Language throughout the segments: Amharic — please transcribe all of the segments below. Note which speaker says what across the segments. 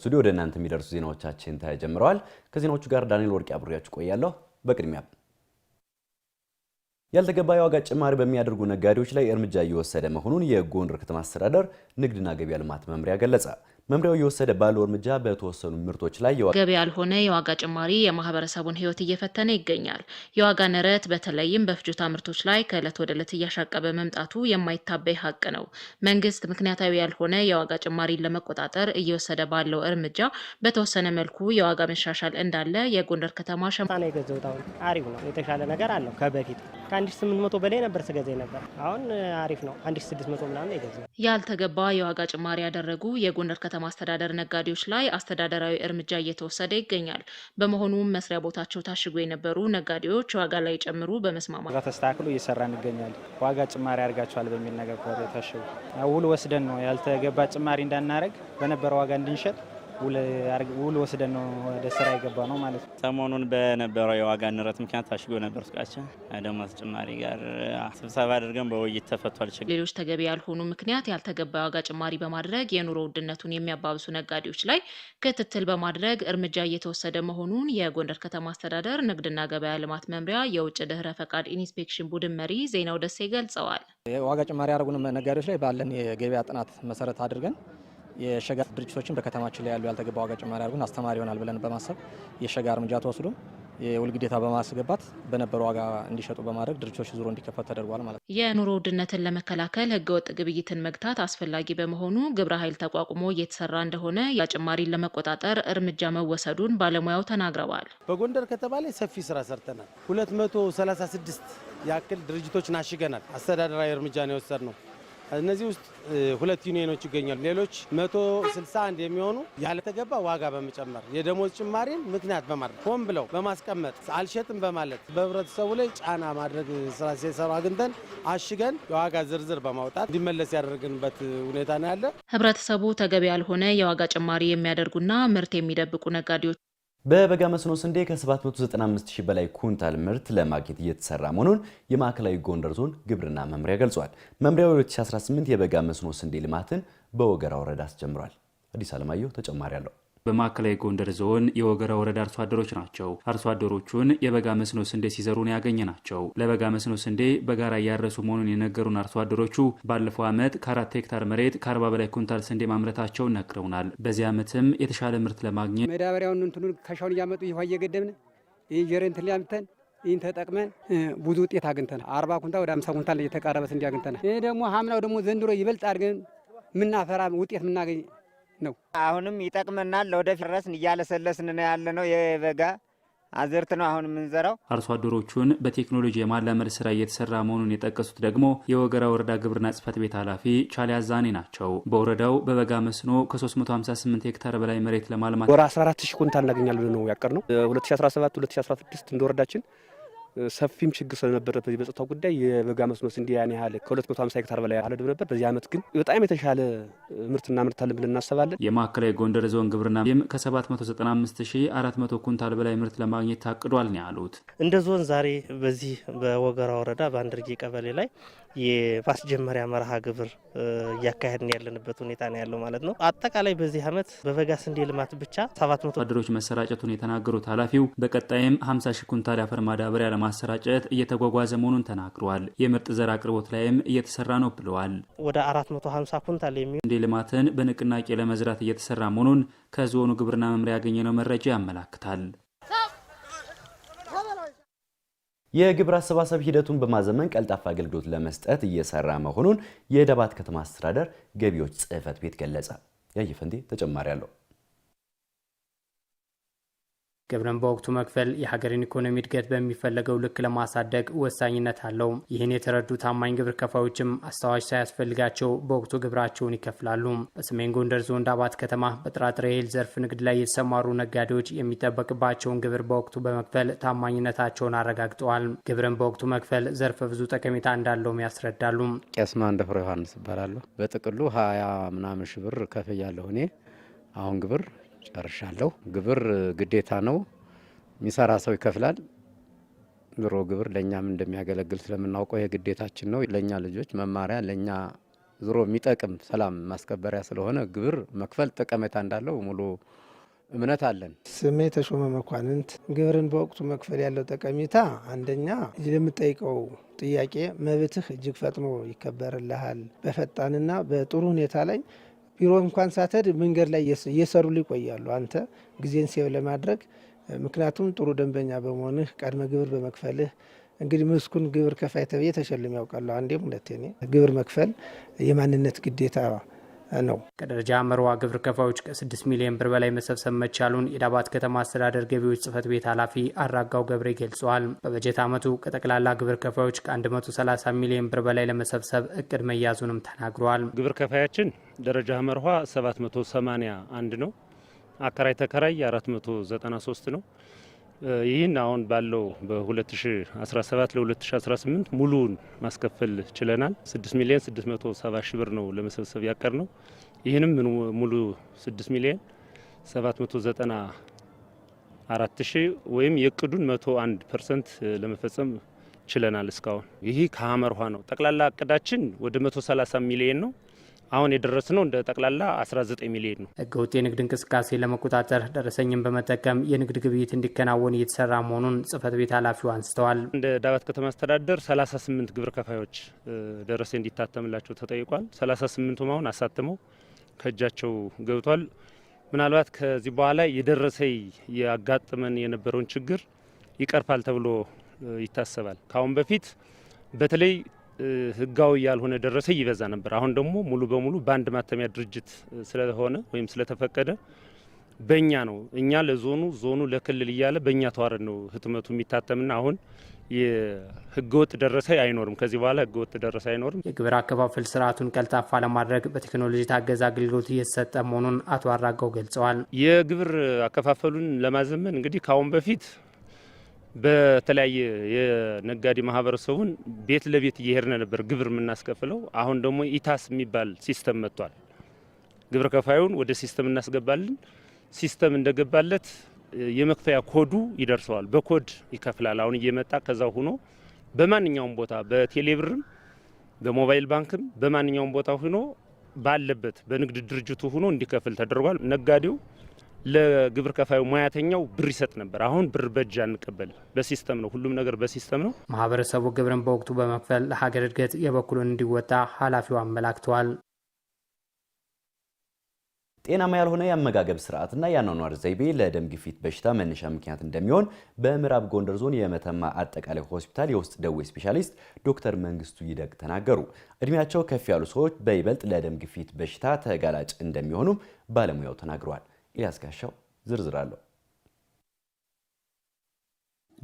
Speaker 1: ስቱዲዮ ወደ እናንተ የሚደርሱ ዜናዎቻችን ተጀምረዋል። ከዜናዎቹ ጋር ዳንኤል ወርቅ አብሬያችሁ ቆያለሁ። በቅድሚያ ያልተገባ የዋጋ ጭማሪ በሚያደርጉ ነጋዴዎች ላይ እርምጃ እየወሰደ መሆኑን የጎንደር ከተማ አስተዳደር ንግድና ገቢያ ልማት መምሪያ ገለጸ። መምሪያው የወሰደ ባለው እርምጃ በተወሰኑ ምርቶች ላይ
Speaker 2: ገቢ ያልሆነ የዋጋ ጭማሪ የማህበረሰቡን ህይወት እየፈተነ ይገኛል። የዋጋ ንረት በተለይም በፍጆታ ምርቶች ላይ ከዕለት ወደ ዕለት እያሻቀበ መምጣቱ የማይታበይ ሀቅ ነው። መንግስት ምክንያታዊ ያልሆነ የዋጋ ጭማሪን ለመቆጣጠር እየወሰደ ባለው እርምጃ በተወሰነ መልኩ የዋጋ መሻሻል እንዳለ የጎንደር ከተማ
Speaker 3: ሸማ የገዛሁት አሁን አሪፍ ነው። የተሻለ ነገር አለው። ከበፊት ከአንድ ስምንት መቶ በላይ ነበር ስገዛ ነበር። አሁን አሪፍ ነው። አንድ ስድስት መቶ ምናምን የገዛሁት።
Speaker 2: ያልተገባ የዋጋ ጭማሪ ያደረጉ የጎንደር ከተማ በከተማ አስተዳደር ነጋዴዎች ላይ አስተዳደራዊ እርምጃ እየተወሰደ ይገኛል። በመሆኑም መስሪያ ቦታቸው ታሽጎ የነበሩ ነጋዴዎች ዋጋ ላይ ጨምሩ በመስማማት
Speaker 4: ተስተካክሎ እየሰራ እንገኛል። ዋጋ ጭማሪ አድርጋቸዋል በሚል ነገር ታሽጉ ውል ወስደን ነው ያልተገባ ጭማሪ እንዳናደረግ በነበረ ዋጋ እንድንሸጥ ውል ወስደን ነው ወደ ስራ የገባ ነው ማለት ነው።
Speaker 5: ሰሞኑን በነበረው የዋጋ ንረት ምክንያት ታሽጎ ነበር ሱቃችን። ደሞዝ ጭማሪ ጋር ስብሰባ አድርገን በውይይት ተፈቷል።
Speaker 2: ሌሎች ተገቢ ያልሆኑ ምክንያት ያልተገባ የዋጋ ጭማሪ በማድረግ የኑሮ ውድነቱን የሚያባብሱ ነጋዴዎች ላይ ክትትል በማድረግ እርምጃ እየተወሰደ መሆኑን የጎንደር ከተማ አስተዳደር ንግድና ገበያ ልማት መምሪያ የውጭ ድህረ ፈቃድ ኢንስፔክሽን ቡድን መሪ ዜናው ደሴ ገልጸዋል።
Speaker 6: የዋጋ ጭማሪ ያደረጉን ነጋዴዎች ላይ ባለን የገበያ ጥናት መሰረት አድርገን የሸጋ ድርጅቶችን በከተማችን ላይ ያሉ ያልተገባ ዋጋ ጭማሪ አድርጉን አስተማሪ ይሆናል ብለን በማሰብ የሸጋ እርምጃ ተወስዶ የውል ግዴታ በማስገባት በነበረ ዋጋ እንዲሸጡ በማድረግ ድርጅቶች ዙሮ እንዲከፈት ተደርጓል ማለት ነው።
Speaker 2: የኑሮ ውድነትን ለመከላከል ህገወጥ ግብይትን መግታት አስፈላጊ በመሆኑ ግብረ ኃይል ተቋቁሞ እየተሰራ እንደሆነ ጭማሪን ለመቆጣጠር እርምጃ መወሰዱን ባለሙያው ተናግረዋል።
Speaker 7: በጎንደር ከተማ ላይ ሰፊ ስራ ሰርተናል። 236 ያክል ድርጅቶችን አሽገናል። አስተዳደራዊ እርምጃ ነው የወሰድ ነው እነዚህ ውስጥ ሁለት ዩኒየኖች ይገኛሉ። ሌሎች 161 የሚሆኑ ያልተገባ ዋጋ በመጨመር የደሞዝ ጭማሪን ምክንያት በማድረግ ሆን ብለው በማስቀመጥ አልሸጥም በማለት በህብረተሰቡ ላይ ጫና ማድረግ ስራ ሲሰሩ አግኝተን አሽገን የዋጋ ዝርዝር በማውጣት እንዲመለስ ያደረግንበት ሁኔታ ነው ያለ።
Speaker 2: ህብረተሰቡ ተገቢ ያልሆነ የዋጋ ጭማሪ የሚያደርጉና ምርት የሚደብቁ ነጋዴዎች
Speaker 1: በበጋ መስኖ ስንዴ ከ795 ሺህ በላይ ኩንታል ምርት ለማግኘት እየተሰራ መሆኑን የማዕከላዊ ጎንደር ዞን ግብርና መምሪያ ገልጿል። መምሪያው 2018 የበጋ መስኖ ስንዴ ልማትን በወገራ ወረዳ አስጀምሯል። አዲስ አለማየሁ ተጨማሪ አለው።
Speaker 8: በማዕከላዊ ጎንደር ዞን የወገራ ወረዳ አርሶ አደሮች ናቸው። አርሶ አደሮቹን የበጋ መስኖ ስንዴ ሲዘሩ ነው ያገኘ ናቸው። ለበጋ መስኖ ስንዴ በጋራ እያረሱ መሆኑን የነገሩን አርሶ አደሮቹ ባለፈው ዓመት ከአራት ሄክታር መሬት ከአርባ በላይ ኩንታል ስንዴ ማምረታቸውን ነግረውናል። በዚህ ዓመትም የተሻለ ምርት ለማግኘት
Speaker 9: መዳበሪያውን እንትኑን ከሻውን እያመጡ ይፋ እየገደብን ይህ ሊያምተን ይህን ተጠቅመን ብዙ ውጤት አግኝተናል። አርባ ኩንታል ወደ አምሳ ኩንታል እየተቃረበ ስንዴ አግኝተናል። ይህ ደግሞ ሀምናው ደግሞ ዘንድሮ ይበልጥ አድርገን ምናፈራ ውጤት ምናገኝ ነው።
Speaker 10: አሁንም ይጠቅመናል ለወደፊት ረስን እያለሰለስን ነው ያለ ነው የበጋ አዝርት ነው አሁን የምንዘራው።
Speaker 8: አርሶ አደሮቹን በቴክኖሎጂ የማላመድ ስራ እየተሰራ መሆኑን የጠቀሱት ደግሞ የወገራ ወረዳ ግብርና ጽፈት ቤት ኃላፊ ቻሊ አዛኔ ናቸው። በወረዳው በበጋ መስኖ ከ358 ሄክታር በላይ መሬት ለማልማት
Speaker 6: ወር 14 ሺህ ኩንታል እናገኛለን ነው ያቀር ነው 2017 2016 እንደ ወረዳችን ሰፊም ችግር ስለነበረበት በጸጥታው ጉዳይ የበጋ መስኖ ስንዴ ያን ያህል ከ250 ሄክታር በላይ አለድም ነበር። በዚህ ዓመት ግን በጣም የተሻለ ምርት እናመርታለን ብለን እናስባለን።
Speaker 8: የማዕከላዊ ጎንደር ዞን ግብርና ከ795400 ኩንታል በላይ ምርት ለማግኘት ታቅዷል ነው ያሉት።
Speaker 9: እንደ ዞን ዛሬ በዚህ በወገራ ወረዳ በአንድርጌ ቀበሌ ላይ የማስጀመሪያ መርሃ ግብር እያካሄድን ያለንበት ሁኔታ ነው ያለው ማለት ነው። አጠቃላይ በዚህ ዓመት በበጋ ስንዴ ልማት ብቻ መቶ
Speaker 8: ወታደሮች መሰራጨቱን የተናገሩት ኃላፊው በቀጣይም 50 ሺ ኩንታል የአፈር ማዳበሪያ ለማሰራጨት እየተጓጓዘ መሆኑን ተናግረዋል። የምርጥ ዘር አቅርቦት ላይም እየተሰራ ነው ብለዋል።
Speaker 9: ወደ 450 ኩንታል የሚሆን
Speaker 8: ስንዴ ልማትን በንቅናቄ ለመዝራት እየተሰራ መሆኑን ከዞኑ ግብርና መምሪያ ያገኘነው መረጃ ያመላክታል።
Speaker 1: የግብር አሰባሰብ ሂደቱን በማዘመን ቀልጣፋ አገልግሎት ለመስጠት እየሰራ መሆኑን የደባት ከተማ አስተዳደር ገቢዎች ጽህፈት ቤት ገለጸ። ያየፈንዴ ተጨማሪ አለው።
Speaker 8: ግብርን በወቅቱ መክፈል የሀገርን ኢኮኖሚ እድገት በሚፈለገው ልክ ለማሳደግ ወሳኝነት አለው። ይህን የተረዱ ታማኝ ግብር ከፋዮችም አስታዋሽ ሳያስፈልጋቸው በወቅቱ ግብራቸውን ይከፍላሉ። በሰሜን ጎንደር ዞን ዳባት ከተማ በጥራጥሬ እህል ዘርፍ ንግድ ላይ የተሰማሩ ነጋዴዎች የሚጠበቅባቸውን ግብር በወቅቱ በመክፈል ታማኝነታቸውን አረጋግጠዋል። ግብርን በወቅቱ መክፈል ዘርፈ ብዙ ጠቀሜታ እንዳለውም ያስረዳሉ።
Speaker 11: ቄስማ እንደፍሮ ፍሬ ዮሐንስ ይባላለሁ። በጥቅሉ ሀያ ምናምን ሺህ ብር ከፍያለሁ እኔ አሁን ግብር ጨርሻለሁ። ግብር ግዴታ ነው፣ የሚሰራ ሰው ይከፍላል። ድሮ ግብር ለእኛም እንደሚያገለግል ስለምናውቀው ይሄ ግዴታችን ነው። ለእኛ ልጆች መማሪያ፣ ለእኛ ዝሮ የሚጠቅም ሰላም ማስከበሪያ ስለሆነ ግብር መክፈል ጠቀሜታ እንዳለው ሙሉ እምነት አለን።
Speaker 12: ስሜ ተሾመ መኳንንት። ግብርን በወቅቱ መክፈል ያለው ጠቀሜታ አንደኛ ለምጠይቀው ጥያቄ መብትህ እጅግ ፈጥኖ ይከበርልሃል። በፈጣንና በጥሩ ሁኔታ ላይ ቢሮ እንኳን ሳትሄድ መንገድ ላይ እየሰሩ ይቆያሉ። አንተ ጊዜን ሴቭ ለማድረግ ምክንያቱም ጥሩ ደንበኛ በመሆንህ ቀድመ ግብር በመክፈልህ እንግዲህ ምስኩን ግብር ከፋይ ተብዬ ያውቃለሁ። አንዴም ሁለቴ ግብር መክፈል የማንነት ግዴታ ነው።
Speaker 8: ከደረጃ መርዋ ግብር ከፋዮች ከ6 ሚሊዮን ብር በላይ መሰብሰብ መቻሉን የዳባት ከተማ አስተዳደር ገቢዎች ጽህፈት ቤት ኃላፊ አራጋው ገብሬ ገልጸዋል። በበጀት ዓመቱ ከጠቅላላ ግብር ከፋዮች ከ130 ሚሊዮን ብር በላይ ለመሰብሰብ እቅድ መያዙንም ተናግረዋል።
Speaker 13: ግብር ከፋያችን ደረጃ መርዋ 781 ነው። አከራይ ተከራይ 493 ነው። ይህን አሁን ባለው በ2017 ለ2018 ሙሉውን ማስከፈል ችለናል። 6 ሚሊዮን 670 ሺ ብር ነው ለመሰብሰብ ያቀር ነው። ይህንም ሙሉ 6 ሚሊዮን 794 ሺ ወይም የእቅዱን 101 ፐርሰንት ለመፈጸም ችለናል። እስካሁን ይህ ከሀመር ውሃ ነው። ጠቅላላ እቅዳችን ወደ 130 ሚሊዮን ነው። አሁን የደረስነው እንደ ጠቅላላ 19 ሚሊዮን ነው።
Speaker 2: ህገወጥ የንግድ እንቅስቃሴ ለመቆጣጠር ደረሰኝን በመጠቀም የንግድ ግብይት እንዲከናወን እየተሰራ መሆኑን ጽህፈት ቤት ኃላፊው አንስተዋል።
Speaker 14: እንደ ዳባት ከተማ አስተዳደር 38 ግብር ከፋዮች ደረሰ እንዲታተምላቸው ተጠይቋል። 38ቱም አሁን አሳትመው ከእጃቸው ገብቷል። ምናልባት ከዚህ በኋላ የደረሰኝ ያጋጥመን የነበረውን ችግር ይቀርፋል ተብሎ ይታሰባል። ከአሁን በፊት በተለይ ህጋዊ ያልሆነ ደረሰ ይበዛ ነበር። አሁን ደግሞ ሙሉ በሙሉ በአንድ ማተሚያ ድርጅት ስለሆነ ወይም ስለተፈቀደ በእኛ ነው እኛ ለዞኑ ዞኑ ለክልል እያለ በእኛ ተዋረድ ነው ህትመቱ የሚታተምና አሁን የህገወጥ ደረሰ አይኖርም። ከዚህ በኋላ ህገወጥ ደረሰ አይኖርም።
Speaker 2: የግብር አከፋፈል ስርዓቱን ቀልጣፋ ለማድረግ በቴክኖሎጂ ታገዝ አገልግሎት እየተሰጠ መሆኑን አቶ አራጋው ገልጸዋል።
Speaker 14: የግብር አከፋፈሉን ለማዘመን እንግዲህ ከአሁን በፊት በተለያየ የነጋዴ ማህበረሰቡን ቤት ለቤት እየሄድን ነበር ግብር የምናስከፍለው። አሁን ደግሞ ኢታስ የሚባል ሲስተም መጥቷል። ግብር ከፋዩን ወደ ሲስተም እናስገባለን። ሲስተም እንደገባለት የመክፈያ ኮዱ ይደርሰዋል። በኮድ ይከፍላል። አሁን እየመጣ ከዛው ሆኖ በማንኛውም ቦታ በቴሌብርም በሞባይል ባንክም በማንኛውም ቦታ ሆኖ ባለበት በንግድ ድርጅቱ ሆኖ እንዲከፍል ተደርጓል። ነጋዴው ለግብር ከፋዩ ሙያተኛው ብር ይሰጥ ነበር። አሁን ብር በእጅ አንቀበል፣ በሲስተም ነው። ሁሉም ነገር በሲስተም ነው።
Speaker 2: ማህበረሰቡ ግብርን በወቅቱ በመክፈል ለሀገር እድገት የበኩሉን እንዲወጣ ኃላፊው አመላክተዋል።
Speaker 1: ጤናማ ያልሆነ የአመጋገብ ስርዓትና የአኗኗር ዘይቤ ለደም ግፊት በሽታ መነሻ ምክንያት እንደሚሆን በምዕራብ ጎንደር ዞን የመተማ አጠቃላይ ሆስፒታል የውስጥ ደዌ ስፔሻሊስት ዶክተር መንግስቱ ይደግ ተናገሩ። እድሜያቸው ከፍ ያሉ ሰዎች በይበልጥ ለደም ግፊት በሽታ ተጋላጭ እንደሚሆኑም ባለሙያው ተናግረዋል። ኤልያስ ጋሻው ዝርዝር አለው።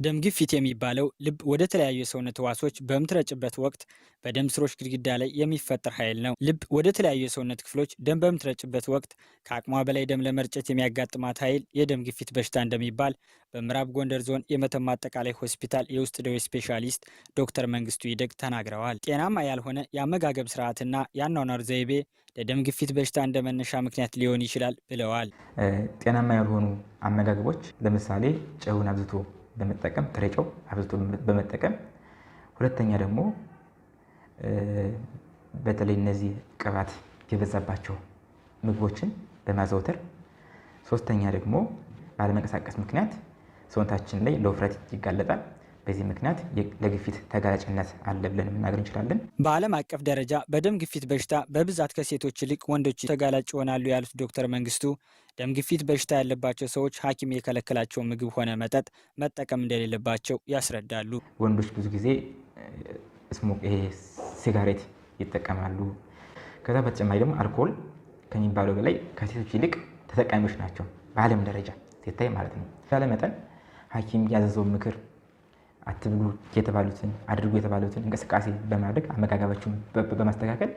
Speaker 8: ደም ግፊት የሚባለው ልብ ወደ ተለያዩ የሰውነት ህዋሶች በምትረጭበት ወቅት በደም ስሮች ግድግዳ ላይ የሚፈጠር ኃይል ነው። ልብ ወደ ተለያዩ የሰውነት ክፍሎች ደም በምትረጭበት ወቅት ከአቅሟ በላይ ደም ለመርጨት የሚያጋጥማት ኃይል የደም ግፊት በሽታ እንደሚባል በምዕራብ ጎንደር ዞን የመተማ አጠቃላይ ሆስፒታል የውስጥ ደዌ ስፔሻሊስት ዶክተር መንግስቱ ይደግ ተናግረዋል። ጤናማ ያልሆነ የአመጋገብ ስርዓትና የአኗኗር ዘይቤ ለደም ግፊት በሽታ እንደ መነሻ ምክንያት ሊሆን ይችላል ብለዋል።
Speaker 15: ጤናማ ያልሆኑ አመጋገቦች ለምሳሌ ጨውን አብዝቶ በመጠቀም ጥሬ ጨው አብዝቶ በመጠቀም ሁለተኛ ደግሞ በተለይ እነዚህ ቅባት የበዛባቸው ምግቦችን በማዘውተር ሶስተኛ ደግሞ ባለመንቀሳቀስ ምክንያት ሰውነታችን ላይ ለውፍረት ይጋለጣል። በዚህ ምክንያት ለግፊት ተጋላጭነት አለ ብለን መናገር እንችላለን።
Speaker 8: በዓለም አቀፍ ደረጃ በደም ግፊት በሽታ በብዛት ከሴቶች ይልቅ ወንዶች ተጋላጭ ይሆናሉ ያሉት ዶክተር መንግስቱ ደም ግፊት በሽታ ያለባቸው ሰዎች ሐኪም የከለከላቸው ምግብ ሆነ መጠጥ መጠቀም እንደሌለባቸው ያስረዳሉ።
Speaker 15: ወንዶች ብዙ ጊዜ ስሞክ ይሄ ሲጋሬት ይጠቀማሉ። ከዛ በተጨማሪ ደግሞ አልኮል ከሚባለው በላይ ከሴቶች ይልቅ ተጠቃሚዎች ናቸው በዓለም ደረጃ ሲታይ ማለት ነው። ያለ መጠን ሐኪም ያዘዘው ምክር አትብሉ የተባሉትን አድርጉ የተባሉትን እንቅስቃሴ በማድረግ አመጋገባቸውን በማስተካከል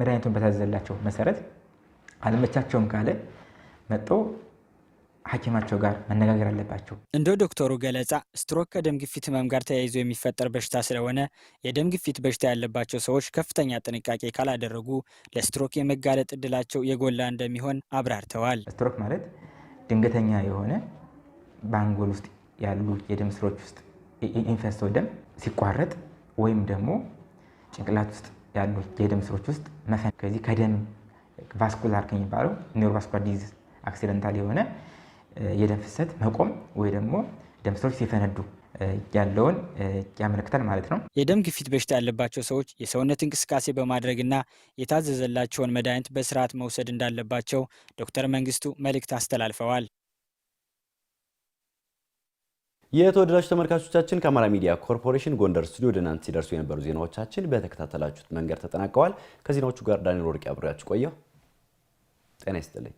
Speaker 15: መድኃኒቱን በታዘዘላቸው መሰረት አልመቻቸውም ካለ መጦ ሐኪማቸው ጋር መነጋገር አለባቸው።
Speaker 8: እንደ ዶክተሩ ገለጻ ስትሮክ ከደም ግፊት ህመም ጋር ተያይዞ የሚፈጠር በሽታ ስለሆነ የደም ግፊት በሽታ ያለባቸው ሰዎች ከፍተኛ ጥንቃቄ ካላደረጉ ለስትሮክ የመጋለጥ እድላቸው የጎላ እንደሚሆን አብራርተዋል።
Speaker 15: ስትሮክ ማለት ድንገተኛ የሆነ በአንጎል ውስጥ ያሉ የደም ስሮች ውስጥ ኢንፈስቶ ደም ሲቋረጥ ወይም ደግሞ ጭንቅላት ውስጥ ያሉ የደም ስሮች ውስጥ መፈን ከዚህ ከደም ቫስኩላር ከሚባለው ኒሮቫስኩላር ዲዝ አክሲደንታል የሆነ የደም ፍሰት መቆም ወይ ደግሞ ደም ስሮች ሲፈነዱ ያለውን ያመለክታል ማለት ነው።
Speaker 8: የደም ግፊት በሽታ ያለባቸው ሰዎች የሰውነት እንቅስቃሴ በማድረግና የታዘዘላቸውን መድኃኒት በስርዓት መውሰድ እንዳለባቸው ዶክተር መንግስቱ መልእክት አስተላልፈዋል።
Speaker 1: የተወደዳችሁ ተመልካቾቻችን ከአማራ ሚዲያ ኮርፖሬሽን ጎንደር ስቱዲዮ ወደ እናንተ ሲደርሱ የነበሩ ዜናዎቻችን በተከታተላችሁት መንገድ ተጠናቀዋል። ከዜናዎቹ ጋር ዳንኤል ወርቅ አብሬያችሁ ቆየሁ። ጤና ይስጥልኝ።